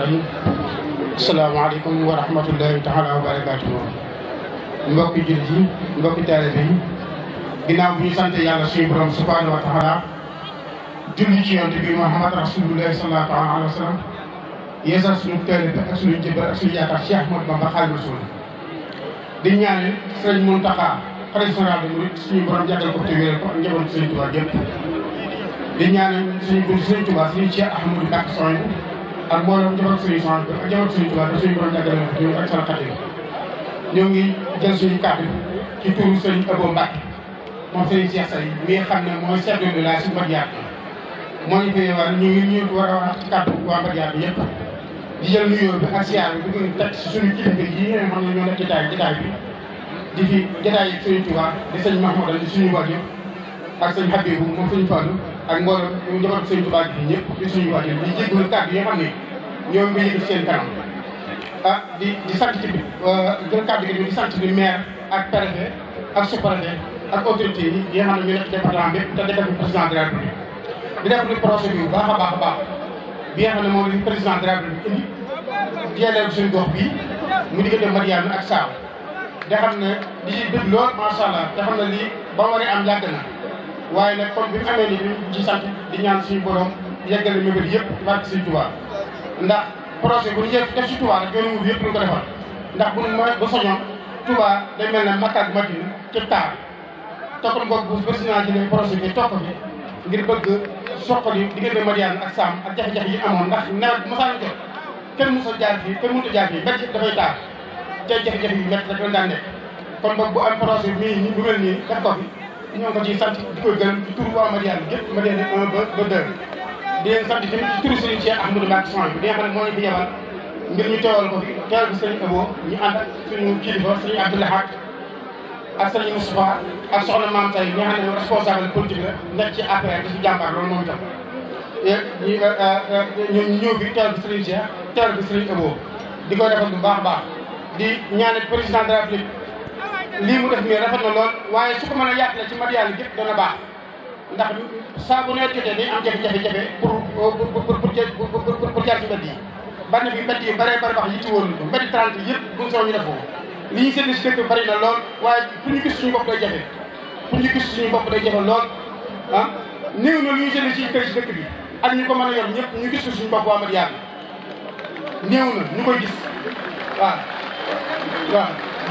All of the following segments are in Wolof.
rahim asalaamaaleykum wa rahmatullahi taala wa barakatuhu mbokki jullit yi mbokki taalibe yi ginnaaw ñu sant yàlla suñu borom subhanahu wa taala julli ci yonent bi Muhammad rasulullahi sallallahu alayhi yeesal suñu taalibe ak suñu jëbbal ak suñu yaakaar ko te ko ak njabootu sëriñ Tuubaa yëpp di ñaanal suñu bunt sëriñ Tuubaa suñu Cheikh Ahmadou Bamba ak mboolem jamono suñu soxna suñu tubaab ak suñu borom jàngale ngi jël suñu kàddu ci turu sëñ Abo Mbacke moom sëñ Cheikh Say mi nga moo ñu ñu ngi ñu war a wax ci kàddu waa Mbadiar di jël nuyoo bi ak siyaar bi di ko teg ci suñu kilifa yi nga xam ne ñoo suñu tubaab di sëñ suñu wàjjo ak ak mboolem ñu njabootu Sëriñ Tuubaa bi ñëpp di suñu wax ñëpp di jégalu kàddu yi nga xam ne ñoom nga yëg seen ah di di sant ci euh, jël kàddu gi di sant ni ak préfet ak sous-préfet ak autorité yi yi nga xam ne ñu président de la di def ni projet bi bu baax a baax a baax bi nga xam ne moom lañ président de la République indi jeeleel suñu gox bii mu diggante Madiyana ak Saaw da xam di ci dëgg lool macha allah da xam ne lii am yàgg na waaye nag kon bi amee nii ñu ci sant di ñaan suñu borom yeggale mébét yëpp barke Sëriñ Tuubaa ndax projet bu ñu def ci Tuubaa rek yoonu mu yëpp ñu ko defal ndax bu ñu mooy ba soñoon Tuubaa mel ne Makka ak Madina ci taar te kon boobu bu président ji ne projet bi topp bi ngir bëgg soqali diggante Madiane ak Sam ak jafe-jafe yi amoon ndax nawet bu mosaan jot kenn mosa jaar fii kenn mënut a jaar fii mbett dafay taar te jafe-jafe yi mbett rek lañ daan nekk kon boobu bu am projet mii bu mel ñoo ko ciy sant di ko gërëm di turu waa Madiane gépp Madiane un ba ba deux di leen sant tamit ci turu sëriñ Cheikh Ahmadou Mbacke Souhaïbou bi di nga xam ne moo ñu fi yebal ngir ñu teewal ko fi teewal ko sëriñ Abo ñu ànd ak suñu kilifa sëriñ Abdoulaye Hak ak sëriñ Moustapha ak soxna Mame Tay ñi nga xam ne responsable politique la nekk ci APR di si jàmbaar loolu moom itam eh, ñu eh, eh, ñu ñëw fi teewal ko sëriñ Cheikh teewal ko sëriñ Abo di ko defal bu baax a baax di ñaanal président de la République lii mu def nii rafet na lool waaye su ko mën a yaatale ci Madiyana gépp dana baax ndax saa bu nawet jotee dañu am jafe-jafe-jafe pour pour pour pour pour jaar ci mbedd yi. bari na fi mbedd yi bëree bëri wax yittewoon ko mbedd 30 yëpp buñ soo ñu def foofu li ñu seetlu si dëkk bëri na lool waaye fu ñu gis suñu bopp day jafe fu ñu gis suñu bopp day jafe lool ah néew na lu ñu seetlu si kër si dëkk bi ak ñu ko mën a yor ñëpp ñu gis suñu bopp waa Madiyana néew na ñu koy gis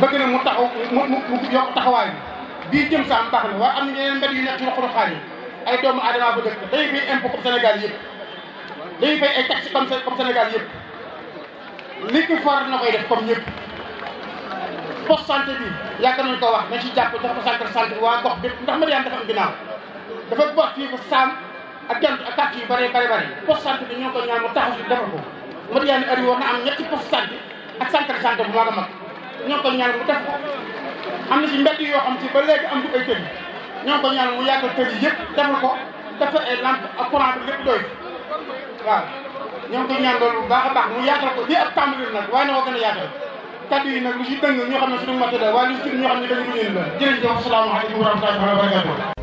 bëgg na mu taxaw mu mu yokk taxawaay bi bii jëm saam baax na waaye am na yeneen mbedd yu nekk ci ruq ay doomu aadama bu dëkk dañuy fay impôt comme Sénégal yëpp dañuy fay ay taxes comme comme Sénégal yëpp li ko na koy def comme ñëpp poste santé bi yàgg nañu ko wax nañ ci jàpp jox ko centre santé bi waa gox bi ndax Madiyana dafa am ginnaaw dafa bokk fii ko saam ak jant ak kàtt yu mu taxaw si defar ko na am ñetti poste santé ak centre santé bu mag a mag ñoo ngi ko ñaan mu def am na ci mbedd yoo xam ci ba léegi am du ay tëri ñoo ngi ko ñaan mu yaatal tëri yëpp defal ko def ay lampe ak courant bi lépp doy waaw ñoo ngi ko ñaan loolu baax a baax mu yaatal ko lii ab tàmbali nag waaye na ko gën yaatal kaddu yi nag lu ci dëng ñoo xam ne suñu motodal waaye lu ci xam ne dañu ko ñëw jërëjëf asalaamaaleykum wa rahmatulah wa barakatuh